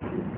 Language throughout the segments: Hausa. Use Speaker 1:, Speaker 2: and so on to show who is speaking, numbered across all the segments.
Speaker 1: Thank you.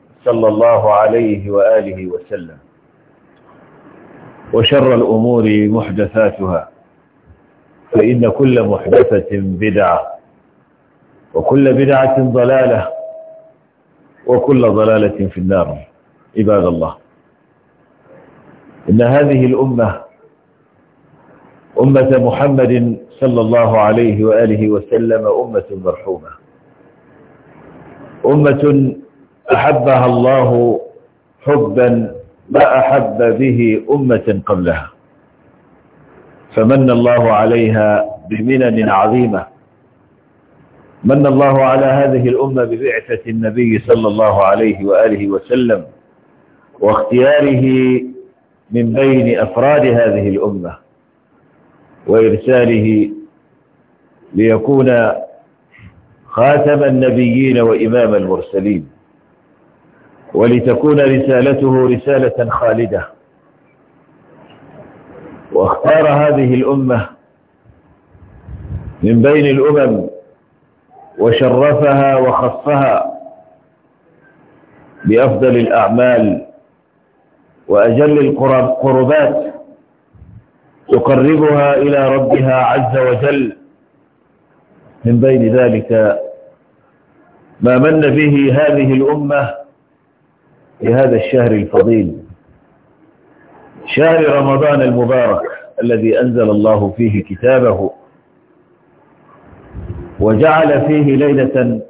Speaker 1: صلى الله عليه وآله وسلم وشر الأمور محدثاتها فإن كل محدثة بدعة وكل بدعة ضلالة وكل ضلالة في النار عباد الله إن هذه الأمة أمة محمد صلى الله عليه وآله وسلم أمة مرحومة أمة أحبها الله حبا ما أحب به أمة قبلها فمن الله عليها بمنن عظيمة من الله على هذه الأمة ببعثة النبي صلى الله عليه وآله وسلم واختياره من بين أفراد هذه الأمة وإرساله ليكون خاتم النبيين وإمام المرسلين ولتكون رسالته رسالة خالدة واختار هذه الأمة من بين الأمم وشرفها وخصها بأفضل الأعمال وأجل القربات تقربها إلى ربها عز وجل من بين ذلك ما من به هذه الأمة لهذا الشهر الفضيل شهر رمضان المبارك الذي أنزل الله فيه كتابه وجعل فيه ليلة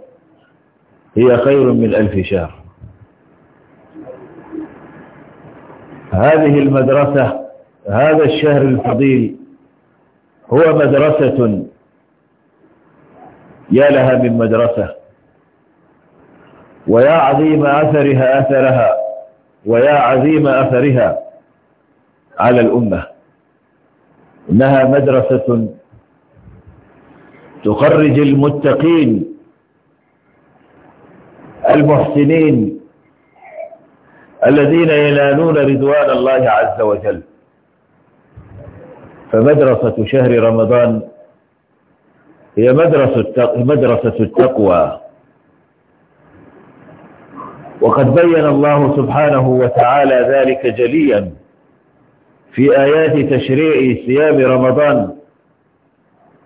Speaker 1: هي خير من ألف شهر هذه المدرسة هذا الشهر الفضيل هو مدرسة يا لها من مدرسة ويا عظيم أثرها أثرها ويا عظيم أثرها على الأمة إنها مدرسة تخرج المتقين المحسنين الذين ينالون رضوان الله عز وجل فمدرسة شهر رمضان هي مدرسة مدرسة التقوى وقد بين الله سبحانه وتعالى ذلك جليا في آيات تشريع صيام رمضان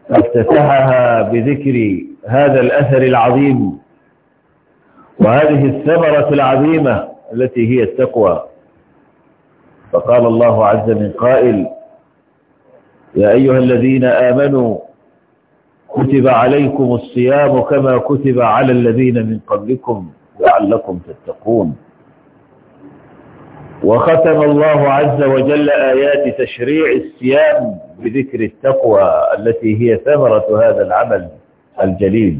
Speaker 1: افتتحها بذكر هذا الأثر العظيم وهذه الثمرة العظيمة التي هي التقوى فقال الله عز من قائل يا أيها الذين آمنوا كتب عليكم الصيام كما كتب على الذين من قبلكم لعلكم تتقون وختم الله عز وجل آيات تشريع الصيام بذكر التقوى التي هي ثمرة هذا العمل الجليل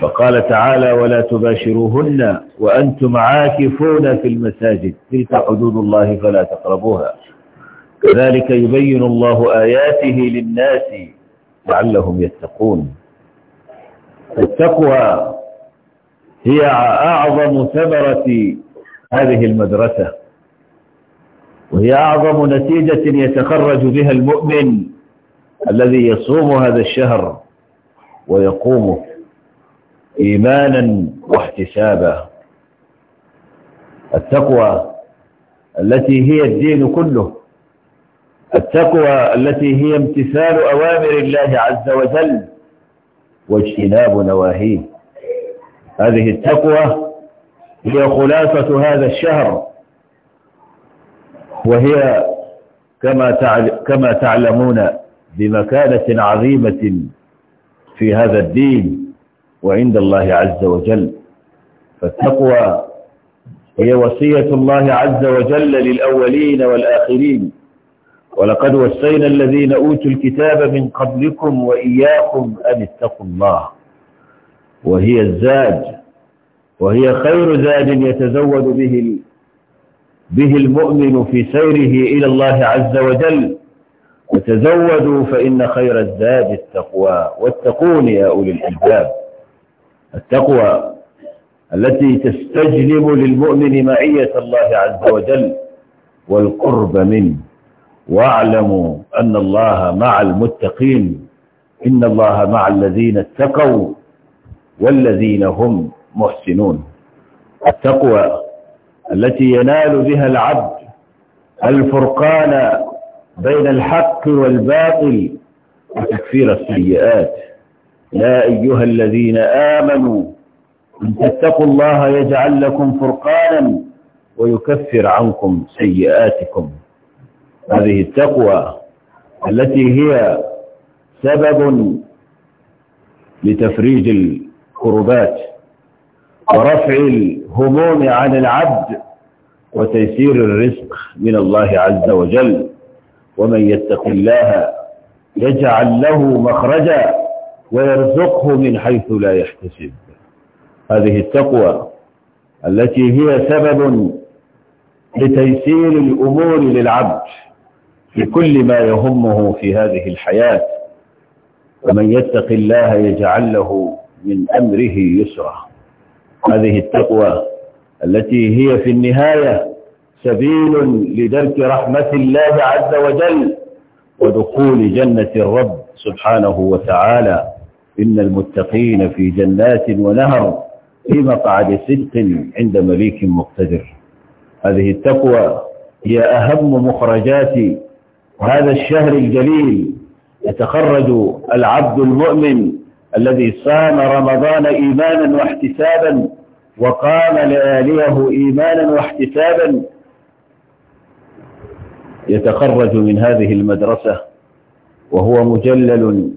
Speaker 1: فقال تعالى ولا تباشروهن وأنتم عاكفون في المساجد تلك حدود الله فلا تقربوها كذلك يبين الله آياته للناس لعلهم يتقون التقوى هي أعظم ثمرة هذه المدرسة وهي أعظم نتيجة يتخرج بها المؤمن الذي يصوم هذا الشهر ويقومه إيمانا واحتسابا التقوى التي هي الدين كله التقوى التي هي امتثال أوامر الله عز وجل واجتناب نواهيه هذه التقوى هي خلاصة هذا الشهر وهي كما كما تعلمون بمكانة عظيمة في هذا الدين وعند الله عز وجل فالتقوى هي وصية الله عز وجل للأولين والآخرين ولقد وصينا الذين أوتوا الكتاب من قبلكم وإياكم أن اتقوا الله وهي الزاد وهي خير زاد يتزود به به المؤمن في سيره إلى الله عز وجل وتزودوا فإن خير الزاد التقوى واتقون يا أولي الألباب التقوى التي تستجلب للمؤمن معية الله عز وجل والقرب منه واعلموا أن الله مع المتقين إن الله مع الذين اتقوا والذين هم محسنون التقوى التي ينال بها العبد الفرقان بين الحق والباطل وتكفير السيئات يا أيها الذين آمنوا إن تتقوا الله يجعل لكم فرقانا ويكفر عنكم سيئاتكم هذه التقوى التي هي سبب لتفريج الكربات ورفع الهموم عن العبد وتيسير الرزق من الله عز وجل ومن يتق الله يجعل له مخرجا ويرزقه من حيث لا يحتسب هذه التقوى التي هي سبب لتيسير الأمور للعبد في كل ما يهمه في هذه الحياة ومن يتق الله يجعل له من أمره يسرا هذه التقوى التي هي في النهاية سبيل لدرك رحمة الله عز وجل ودخول جنة الرب سبحانه وتعالى إن المتقين في جنات ونهر في مقعد صدق عند مليك مقتدر هذه التقوى هي أهم مخرجات هذا الشهر الجليل يتخرج العبد المؤمن الذي صام رمضان إيمانا واحتسابا وقام لآليه إيمانا واحتسابا يتخرج من هذه المدرسة وهو مجلل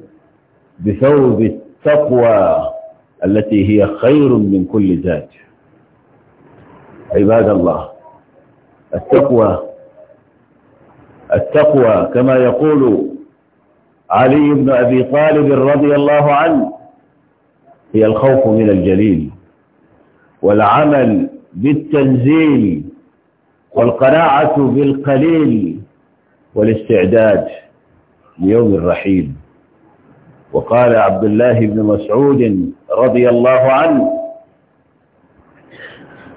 Speaker 1: بثوب التقوى التي هي خير من كل ذات عباد الله التقوى التقوى كما يقول علي بن أبي طالب رضي الله عنه هي الخوف من الجليل والعمل بالتنزيل والقناعة بالقليل والاستعداد ليوم الرحيل وقال عبد الله بن مسعود رضي الله عنه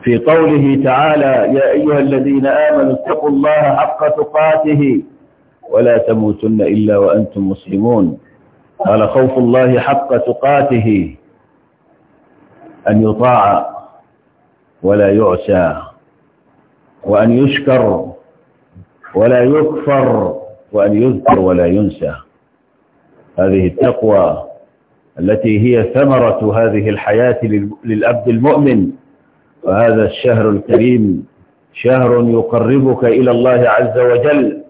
Speaker 1: في قوله تعالى يا أيها الذين آمنوا اتقوا الله حق تقاته ولا تموتن إلا وأنتم مسلمون قال خوف الله حق تقاته أن يطاع ولا يعسى وأن يشكر ولا يكفر وأن يذكر ولا ينسى هذه التقوى التي هي ثمرة هذه الحياة للأبد المؤمن وهذا الشهر الكريم شهر يقربك إلى الله عز وجل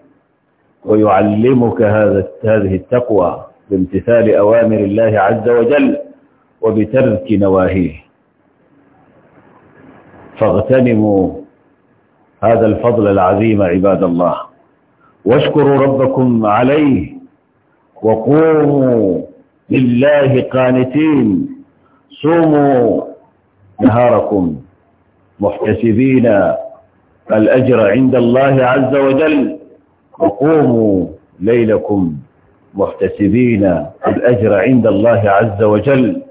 Speaker 1: ويعلمك هذا هذه التقوى بامتثال أوامر الله عز وجل وبترك نواهيه فاغتنموا هذا الفضل العظيم عباد الله واشكروا ربكم عليه وقوموا لله قانتين صوموا نهاركم محتسبين الأجر عند الله عز وجل وقوموا ليلكم محتسبين الأجر عند الله عز وجل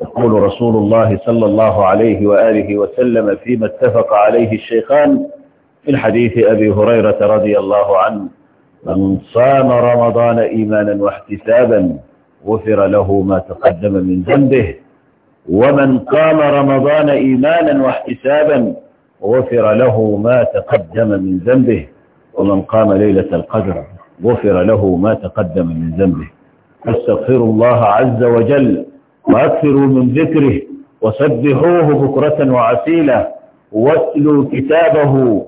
Speaker 1: يقول رسول الله صلى الله عليه وآله وسلم فيما اتفق عليه الشيخان في الحديث أبي هريرة رضي الله عنه من صام رمضان إيمانا واحتسابا غفر له ما تقدم من ذنبه ومن قام رمضان إيمانا واحتسابا غفر له ما تقدم من ذنبه ومن قام ليلة القدر غفر له ما تقدم من ذنبه فاستغفروا الله عز وجل وأكثروا من ذكره وسبحوه بكرة وعسيلة واتلوا كتابه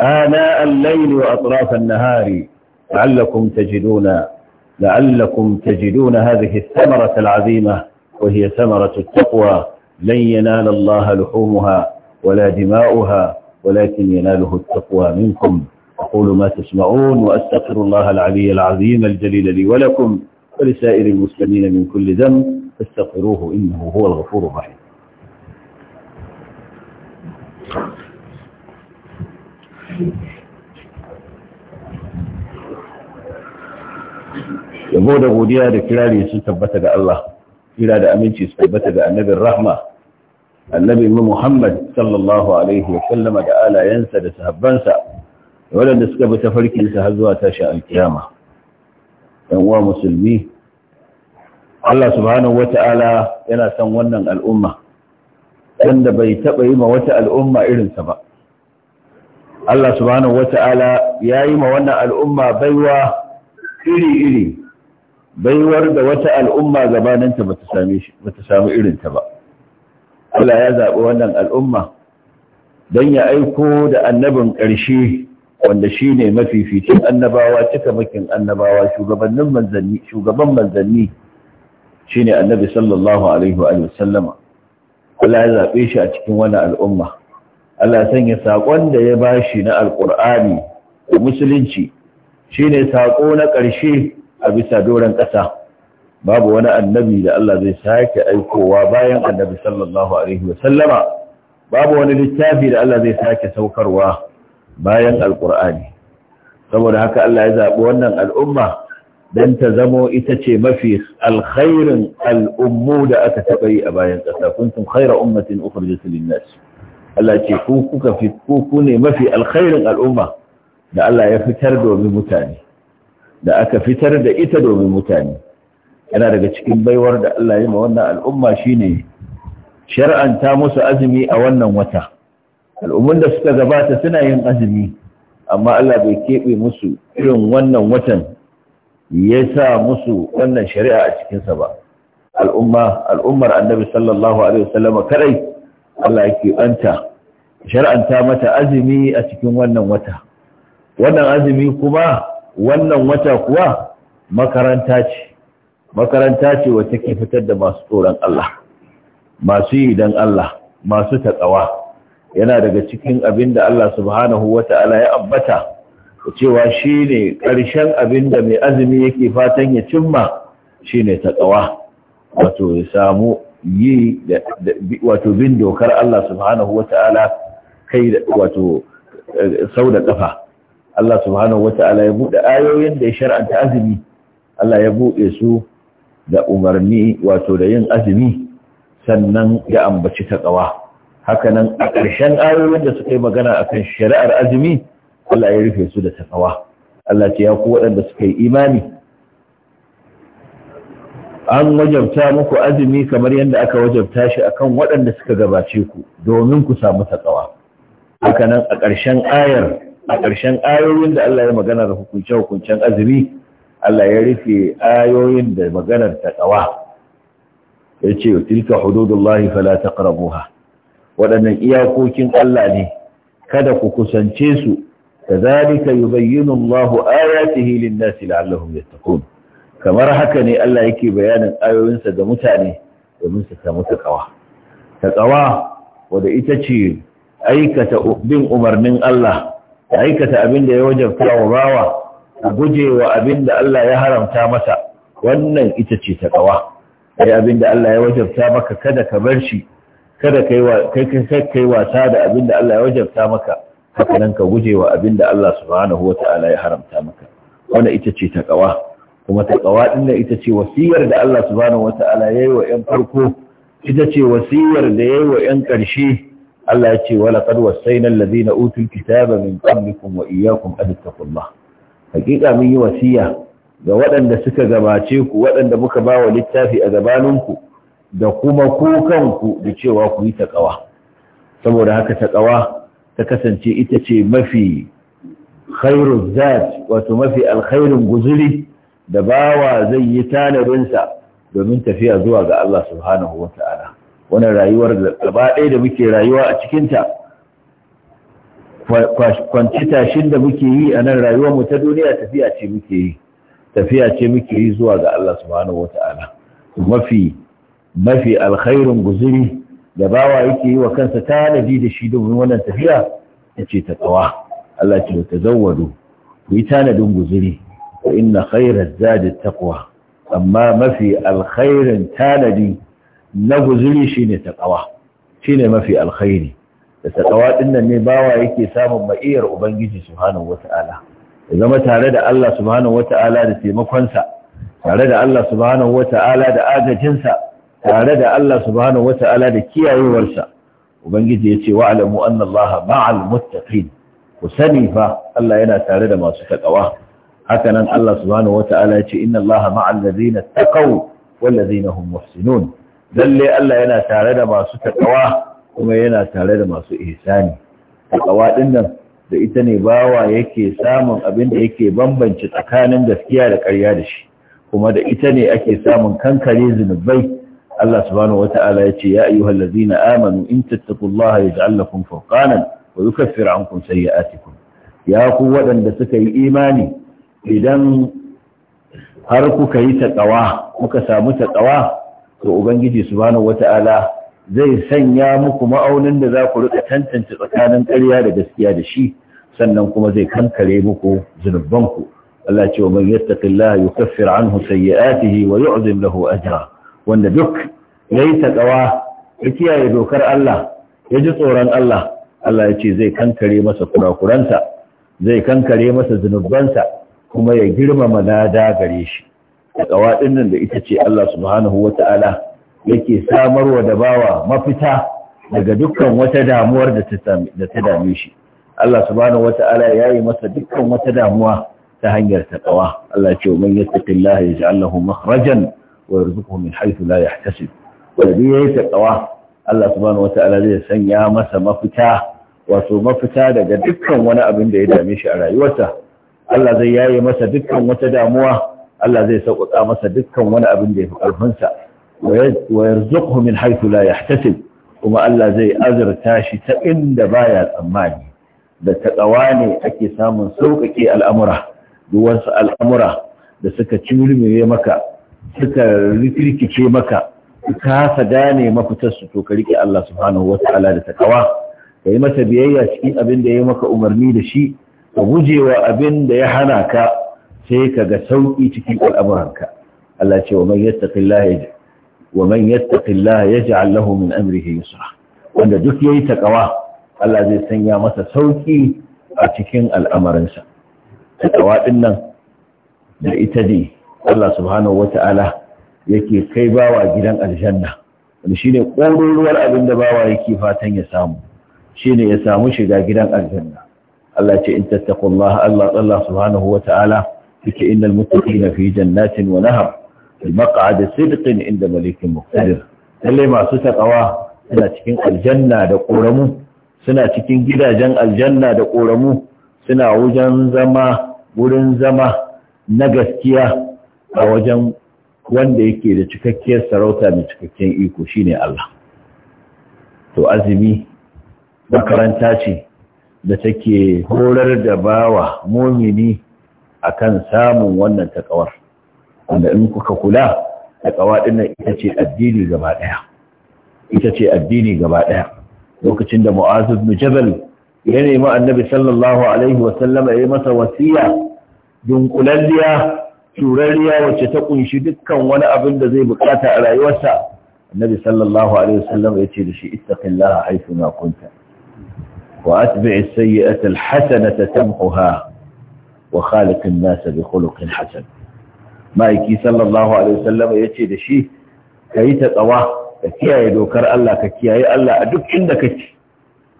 Speaker 1: آناء الليل وأطراف النهار لعلكم تجدون لعلكم تجدون هذه الثمرة العظيمة وهي ثمرة التقوى لن ينال الله لحومها ولا دماؤها ولكن يناله التقوى منكم أقول ما تسمعون وأستغفر الله العلي العظيم الجليل لي ولكم ولسائر المسلمين من كل ذنب فاستغفروه إنه هو الغفور الرحيم yabo da godiya da kirari sun tabbata ga Allah kira da aminci su tabbata ga annabin rahma annabi Muhammad sallallahu alaihi wa sallama da alayansa da sahabbansa waɗanda suka bi tafarkinsa har zuwa tashi alkiyama ɗan uwa musulmi Allah subhanahu wata'ala yana son wannan al'umma wanda bai taɓa yi ma wata al'umma irinsa ba Allah subhanahu wata'ala ya yi ma wannan al'umma baiwa iri-iri baiwar da wata al'umma gabaninta ba ta samu irinta ba. Allah ya zaɓi wannan al'umma don ya aiko da annabin ƙarshe wanda shi ne mafificin annabawa cikamakin annabawa shugaban manzanni shi ne annabi sallallahu alaihi wa sallama Allah ya zaɓe shi a cikin wani al'umma Allah sanya saƙon da ya ba shi na alƙur'ani da musulunci shi ne saƙo na ƙarshe a bisa doron ƙasa babu wani annabi da Allah zai sake aikowa bayan annabi sallallahu alaihi wa sallama babu wani littafi da Allah zai sake saukarwa bayan alkur'ani saboda haka Allah ya zaɓi wannan al'umma don ta zamo ita ce mafi alkhairin al'ummu da aka taɓa yi a bayan ƙasa kuntum khaira ummatin ufar lin Allah ce ku kuka fi ku ne mafi alkhairin al'umma da Allah ya fitar domin mutane da aka fitar da ita domin mutane yana daga cikin baiwar da Allah ya ma wannan al'umma shine shar'anta musu azumi a wannan wata al'ummun da suka gabata suna yin azumi amma Allah bai keɓe musu irin wannan watan ya sa musu wannan shari'a a cikinsa ba al'umma al'ummar annabi sallallahu alaihi wasallama kadai Allah yake anta shar'anta mata azumi a cikin wannan wata wannan azumi kuma wannan wata kuwa makaranta ce makaranta ce wacce ke fitar da masu tsoron Allah masu yi don Allah masu taƙawa yana daga cikin abin da Allah subhanahu wata'ala ya ambata cewa shine ƙarshen abin da mai azumi yake fatan ya cimma ta taqwa wato ya samu yi wato bin dokar Allah subhanahu wata'ala kai wato eh, sau da ƙafa. Allah subhanahu wata'ala ya buɗe ayoyin da ya shar'anta azumi Allah ya buɗe su da umarni wato da yin azumi sannan ya ambaci taqwa hakanan a ƙarshen ayoyin da suka yi magana akan shari'ar azumi Allah ya rufe su da takawa Allah ce ya ku waɗanda suka yi imani an wajabta muku azumi kamar yadda aka wajabta shi akan waɗanda suka gabace ku domin ku samu takawa hakanan a ƙarshen ayar a ƙarshen ayoyin da Allah ya magana da hukunce hukuncen azumi Allah ya rufe ayoyin da maganar takawa ya ce tilka hududullahi fala taqrabuha waɗannan iyakokin Allah ne kada ku kusance su kazalika yubayyinu Allahu ayatihi lin-nasi ya yattaqun kamar haka ne Allah yake bayanin ayoyinsa ga mutane domin su samu takawa takawa wadda ita ce aikata bin umarnin Allah aikata abin da ya wajabta wa bawa gujewa abin da Allah ya haramta masa wannan ita ce takawa ai abin da Allah ya wajabta maka kada ka bar shi kada ka yi wasa da abin da Allah ya wajabta maka haka nan ka guje wa abin da Allah subhanahu wata'ala ya haramta maka wanda ita ce taqawa kuma taqawa din da ita ce wasiyar da Allah subhanahu wata'ala yi wa ƴan farko ita ce wasiyar da yi wa ƴan ƙarshe Allah ya ce wala qad na alladhina utul kitaba min qablikum wa iyakun an taqullah hakika mun yi wasiya ga waɗanda suka gabace ku waɗanda muka ba wa littafi a gabaninku ku da kuma ku kanku da cewa ku yi taƙawa saboda haka taƙawa ta kasance ita ce mafi khairun zat wato mafi alkhairun guzuri da bawa zai yi tanadinsa domin tafiya zuwa ga Allah subhanahu wa ta'ala Wani rayuwar gaba da muke rayuwa a cikinta kwancita tashin da muke yi a nan rayuwarmu ta duniya tafiya ce muke yi tafiya ce muke yi zuwa ga Allah subhanahu wa ta'ala mafi mafi alkhairun guziri da bawa yake yi wa kansa tanadi da shi domin wannan tafiya ya ce ta tsawa Allah ce ta zawwado ku yi tanadin guziri wa inna khairar zadi taqwa amma mafi alkhairin tanadi na guzuri shine Shi ne mafi alkhairi da taqwa din nan ne bawa yake samun ma'iyar ubangiji subhanahu ta'ala. ya zama tare da Allah subhanahu ta'ala, da taimakonsa tare da Allah subhanahu ta'ala, da agajinsa tare da Allah subhanahu wata'ala da kiyayewarsa ubangiji yace wa alamu anna Allah ma'al muttaqin ku sani fa Allah yana tare da masu takawa haka nan Allah subhanahu wata'ala yace inna Allah ma'al ladina taqaw wal hum muhsinun lalle Allah yana tare da masu takawa kuma yana tare da masu ihsani takawa din nan da ita ne bawa yake samun abin da yake bambance tsakanin gaskiya da ƙarya da shi kuma da ita ne ake samun kankare zunubai Allah subhanahu wata'ala ya ce ya ayyuhal ladzina amanu in tattaqullaha yaj'al lakum furqanan wa yukaffir ankum ya ku waɗanda suka yi imani idan har kuka yi taƙawa kuka samu taƙawa to ubangiji subhanahu wata'ala zai sanya muku ma'aunin da za ku rika tantance tsakanin ƙarya da gaskiya da shi sannan kuma zai kankare muku zunubanku Allah ce wa man yattaqillaha yukaffir anhu sayyi'atihi wa yu'zim lahu ajra wanda duk ya yi taƙawa ya kiyaye dokar Allah ya ji tsoron Allah Allah ya ce zai kankare masa kurakuransa zai kankare masa zunubansa kuma ya girmama lada gare shi taƙawa ɗinnan da ita ce Allah subhanahu wa ta'ala yake samarwa da bawa mafita
Speaker 2: daga dukkan wata
Speaker 1: damuwar da ta dame shi Allah subhanahu wa ta'ala ya yi masa dukkan wata damuwa ta hanyar taƙawa Allah ce wa man yattaqillaha yaj'al lahu makhrajan wa yarzuquhu min haythu la yahtasib wanda yayi taqwa Allah subhanahu wata'ala zai sanya masa mafita wato mafita daga dukkan wani abin da ya dame shi a rayuwarsa Allah zai yaye masa dukkan wata damuwa Allah zai sauƙaƙa masa dukkan wani abin da ya fi ƙarfinsa wa yarzuquhu min haythu la kuma Allah zai azurta shi ta inda baya tsammani da taƙawa ne ake samun sauƙaƙe al'amura duk wasu al'amura da suka cimrimiye maka suka rikirkice maka kasa gane mafitarsu to ka rike Allah subhanahu wa ta'ala da takawa ka yi masa biyayya cikin abin da ya maka umarni da shi ka guje wa abin da ya hana ka sai ka ga sauki cikin al'amuranka Allah ce wa man yattaqillaha yaj'al wa man yattaqillaha yaj'al lahu min amrihi yusra wanda duk yayi takawa Allah zai sanya masa sauƙi a cikin al'amaransa. takawa din nan da ita ne Allah subhanahu wata'ala yake kai bawa gidan aljanna wanda shine ƙoruruwar abin da bawa yake fatan ya samu shine ya samu shiga gidan aljanna Allah ce in tattaqullaha Allah Allah subhanahu wata'ala yake innal muttaqina fi jannatin wa nahar fi maq'adi sidqin inda malikin muqtadir lalle masu takawa suna cikin aljanna da ƙoramu suna cikin gidajen aljanna da ƙoramu suna wajen zama wurin zama na gaskiya a wajen wanda yake da cikakkiyar sarauta mai cikakken iko shine Allah to azumi makaranta ce da take horar da bawa momini akan samun wannan takawar wanda in kuka kula takawa din ita ce addini gaba ɗaya. ita ce addini gaba lokacin da mu'azu mujabal ya nemi Annabi sallallahu alaihi wa sallama ya masa wasiya dunkulalliya turariya wacce ta kunshi dukkan wani abin da zai bukata a rayuwarsa annabi sallallahu alaihi wasallam ya ce da shi ittaqillaha haythu ma kunta wa atbi'i as-sayyi'ata al-hasanata tamhuha wa khaliq an-nasa bi khuluqin hasan maiki sallallahu alaihi wasallam ya ce da shi kai ta tsawa ka kiyaye dokar Allah ka kiyaye Allah a duk inda kake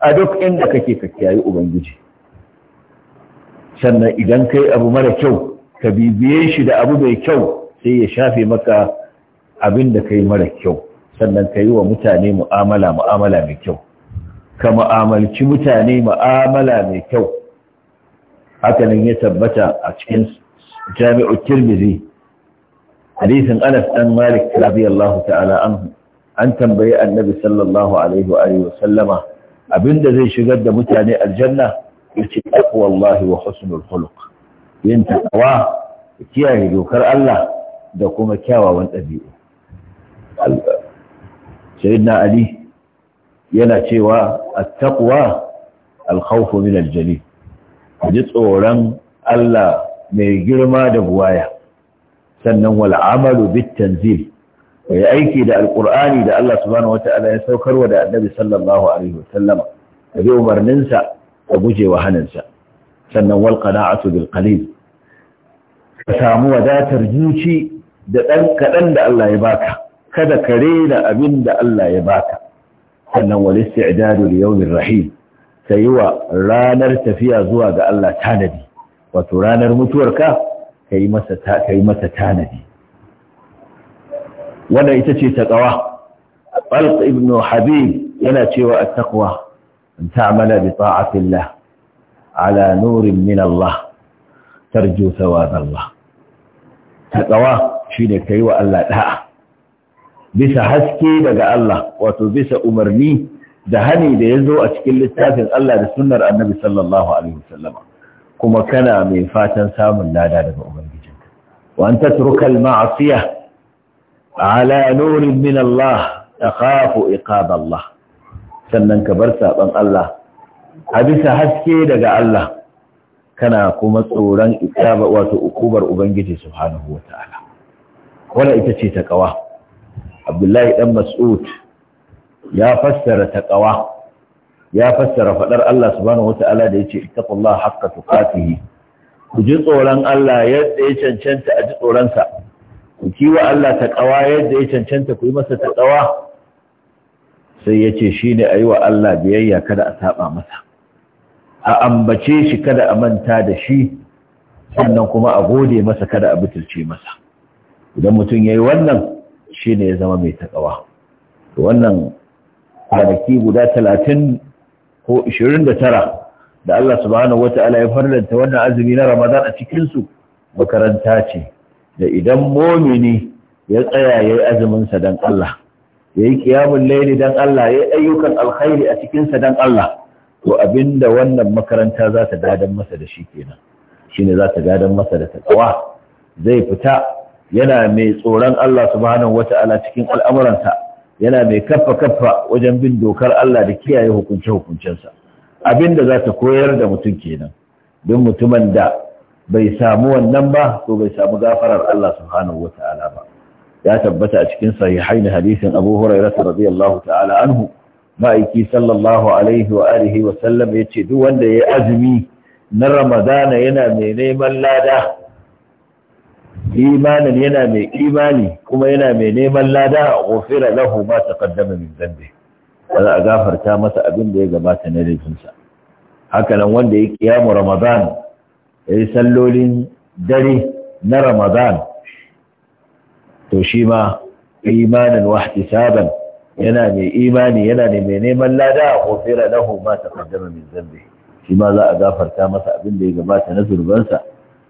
Speaker 1: a duk inda kake ka kiyaye ubangiji sannan idan kai abu mara kyau ka bibiye shi da abu mai kyau sai ya shafe maka abin da yi mara kyau sannan ka yi wa mutane mu'amala mu'amala mai kyau ka mu'amalci mutane mu'amala mai kyau hakanan ya tabbata a cikin jami'ar tirmizi hadisin anas dan malik radiyallahu ta'ala anhu an tambayi annabi sallallahu alaihi wa alihi wa sallama abinda zai shigar da mutane aljanna yace taqwallahi wa husnul khuluq yin takawa da kiyaye dokar Allah da kuma kyawawan ɗabi'u sayyidina ali yana cewa at-taqwa al-khawf min al-jalil ji tsoron Allah mai girma da buwaya sannan wal amalu bit tanzil aiki da alkur'ani da Allah subhanahu ta'ala ya saukarwa da annabi sallallahu alaihi wasallama da bi umarninsa da gujewa hannunsa sannan wal qana'atu bil qalil ka samu wadatar zuci da ɗan kaɗan da Allah ya baka kada ka rena abin da Allah ya baka sannan wal isti'dadu li yawmir rahim sai wa ranar tafiya zuwa ga Allah tanadi wato ranar mutuwarka kai yi mata masa tanadi wanda ita ce taqwa Alq ibn Habib yana cewa a takwa. in ta amala bi ta'atillah ala nurin min Allah tarju thawab Allah taqwa shine kai wa Allah da'a bisa haske daga Allah wato bisa umarni da hani da ya zo a cikin littafin Allah da sunnar Annabi sallallahu alaihi wasallama kuma kana mai fatan samun lada daga ubangijinka wa an ma'asiya al ala nurin min Allah takhafu iqab Allah sannan ka bar saban Allah a bisa haske daga Allah kana kuma tsoron ikaba wato ukubar ubangiji subhanahu wataala wannan ita ce taqwa Abdullahi dan Mas'ud ya fassara taqwa ya fassara fadar Allah subhanahu wataala da yace ittaqullaha haqqa tuqatihi ku ji tsoron Allah yadda ya cancanta a ji tsoron sa ku kiwa Allah taqwa yadda ya cancanta ku yi masa taqwa sai yace shine ayi wa Allah biyayya kada a saba masa a ambace shi kada a manta da shi sannan kuma a gode masa kada a butulce masa idan mutum ya yi wannan shi ne ya zama mai taƙawa wannan kwanaki guda talatin ko ishirin da tara da Allah subhanahu wa ta'ala ya farlanta wannan azumi na ramadan a cikinsu makaranta ce da idan momini ya tsaya ya yi azuminsa don Allah ya yi ƙiyamun laili don Allah ya yi ayyukan alkhairi a cikinsa don Allah to abinda wannan makaranta za ta masa da shi kenan shine za ta gadon masa da takawa zai fita yana mai tsoron Allah subhanahu wata'ala cikin al'amuransa yana mai kaffa kaffa wajen bin dokar Allah da kiyaye hukunce hukuncensa abinda za ta koyar da mutum kenan don mutumin da bai samu wannan ba to bai samu gafarar Allah subhanahu wata'ala ba ya tabbata a cikin sahihain hadisin Abu Hurairah radiyallahu ta'ala anhu ma'aiki sallallahu alaihi wa alihi wa sallam ya ce duk wanda ya azumi na ramadana yana mai neman lada imanin yana mai imani kuma yana mai neman lada a ƙofira lahu ma taqaddama min zambe, wanda a gafarta masa abin da ya gabata na rikinsa. Hakanan wanda ya kiyamu ramadan ya yi sallolin dare na ramadan to shi ma imanin wahtisaban saban yana mai imani yana ne mai neman lada a kofera na homa, ta kaddama mai zambe shi ma za a gafarta masa abin da ya gabata na zurbansa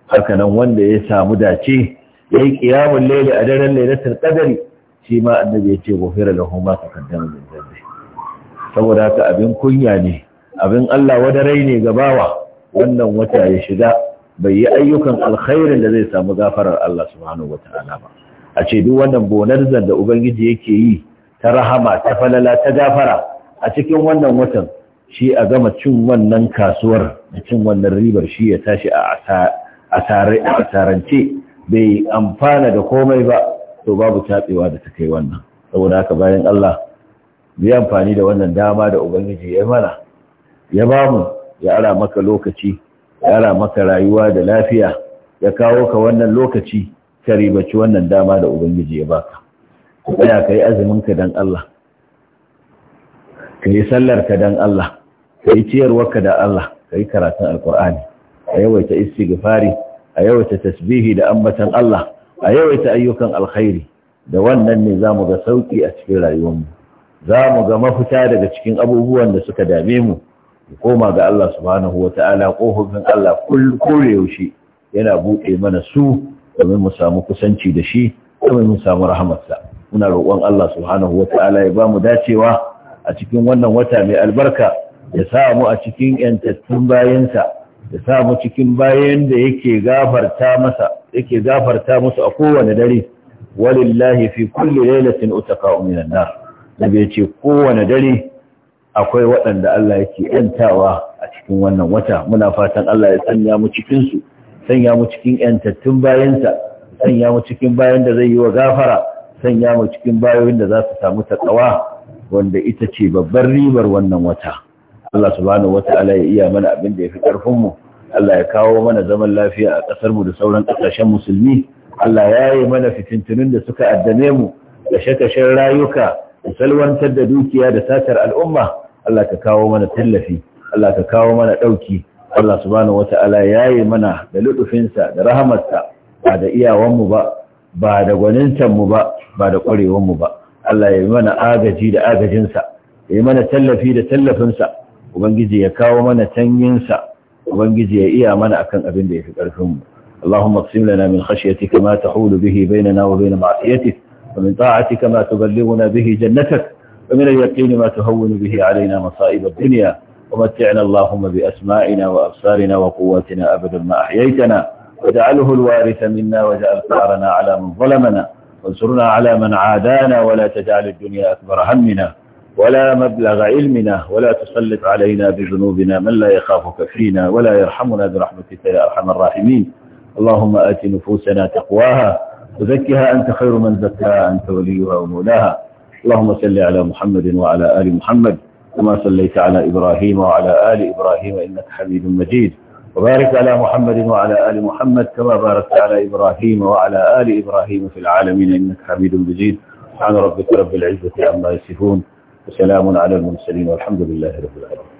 Speaker 1: haka nan wanda ya samu dace ya yi kiyamun laili a daren lailatul qadari shi ma annabi ya ce kofera na homa, ta kaddama mai zambe saboda haka abin kunya ne abin Allah wadarai ne gabawa wannan wata ya shiga bai yi ayyukan alkhairin da zai samu gafarar Allah subhanahu wataala ba a ce duk wannan bonar da ubangiji yake yi ta rahama ta falala ta gafara a cikin wannan watan shi a gama cin wannan kasuwar da cin wannan ribar shi ya tashi a tarance bai amfana da komai ba to babu tatsewa da ta kai wannan saboda haka bayan Allah bi amfani da wannan dama da ubangiji ya mana ya ba mu ya ara maka lokaci ya ara maka rayuwa da lafiya ya kawo ka wannan lokaci ka ribaci wannan dama da ubangiji ya baka ka tsaya ka yi azuminka don Allah ka yi sallarka don Allah ka yi ciyarwarka da Allah ka yi karatun alkur'ani a yawaita istighfari a yawaita tasbihi da ambatan Allah a yawaita ayyukan alkhairi da wannan ne za mu ga sauƙi a cikin rayuwanmu za mu ga mafita daga cikin abubuwan da suka dame mu mu koma ga Allah subhanahu wa ta'ala ƙofofin Allah kore yaushe yana buɗe mana su domin mu samu kusanci da shi domin mu samu rahamarsa muna roƙon Allah subhanahu wa ta'ala ya bamu dacewa a cikin wannan wata mai albarka ya sa mu a cikin yantattun bayansa ya sa mu cikin bayan da yake gafarta masa yake gafarta musu a kowane dare walillahi fi kulli lailatin utaqa'u minan nar nabi yace kowane dare akwai waɗanda Allah yake yantawa a cikin wannan wata muna fatan Allah ya sanya mu cikin su sanya mu cikin yantattun bayansa sanya mu cikin bayan da zai yi wa gafara sanya mu cikin bayoyin da za su samu taqwa wanda ita ce babbar ribar wannan wata Allah subhanahu ya iya mana abin da yafi karfin mu Allah ya kawo mana zaman lafiya a ƙasarmu mu da sauran kasashen musulmi Allah ya yi mana fitintunun da suka addame mu da shakashen rayuka da salwantar da dukiya da satar al'umma Allah ka kawo mana tallafi Allah ka kawo mana ɗauki. Allah subhanahu ya yi mana da lutufinsa da rahamarsa ba da iyawanmu ba ba da gwanintanmu ba ba da ƙwarewanmu ba Allah ya yi mana agaji da agajinsa ya yi mana tallafi da tallafinsa ubangiji ya kawo mana tanyinsa ubangiji ya iya mana akan abin da ya fi ƙarfinmu اللهم اقسم لنا من خشيتك ما تحول به بيننا وبين معصيتك ومن طاعتك ما تبلغنا به جنتك ومن اليقين ما تهون به علينا مصائب الدنيا ومتعنا اللهم بأسمائنا وأبصارنا وقواتنا أبدا ما أحييتنا واجعله الوارث منا واجعل ثارنا على من ظلمنا وانصرنا على من عادانا ولا تجعل الدنيا أكبر همنا ولا مبلغ علمنا ولا تسلط علينا بجنوبنا من لا يخافك فينا ولا يرحمنا برحمتك يا أرحم الراحمين اللهم آت نفوسنا تقواها وزكها أنت خير من زكاها أنت وليها ومولاها اللهم صل على محمد وعلى آل محمد كما صليت على إبراهيم وعلى آل إبراهيم إنك حميد مجيد وبارك على محمد وعلى آل محمد كما باركت على إبراهيم وعلى آل إبراهيم في العالمين إنك حميد مجيد سبحان ربك رب العزة عما يصفون وسلام على المرسلين والحمد لله رب العالمين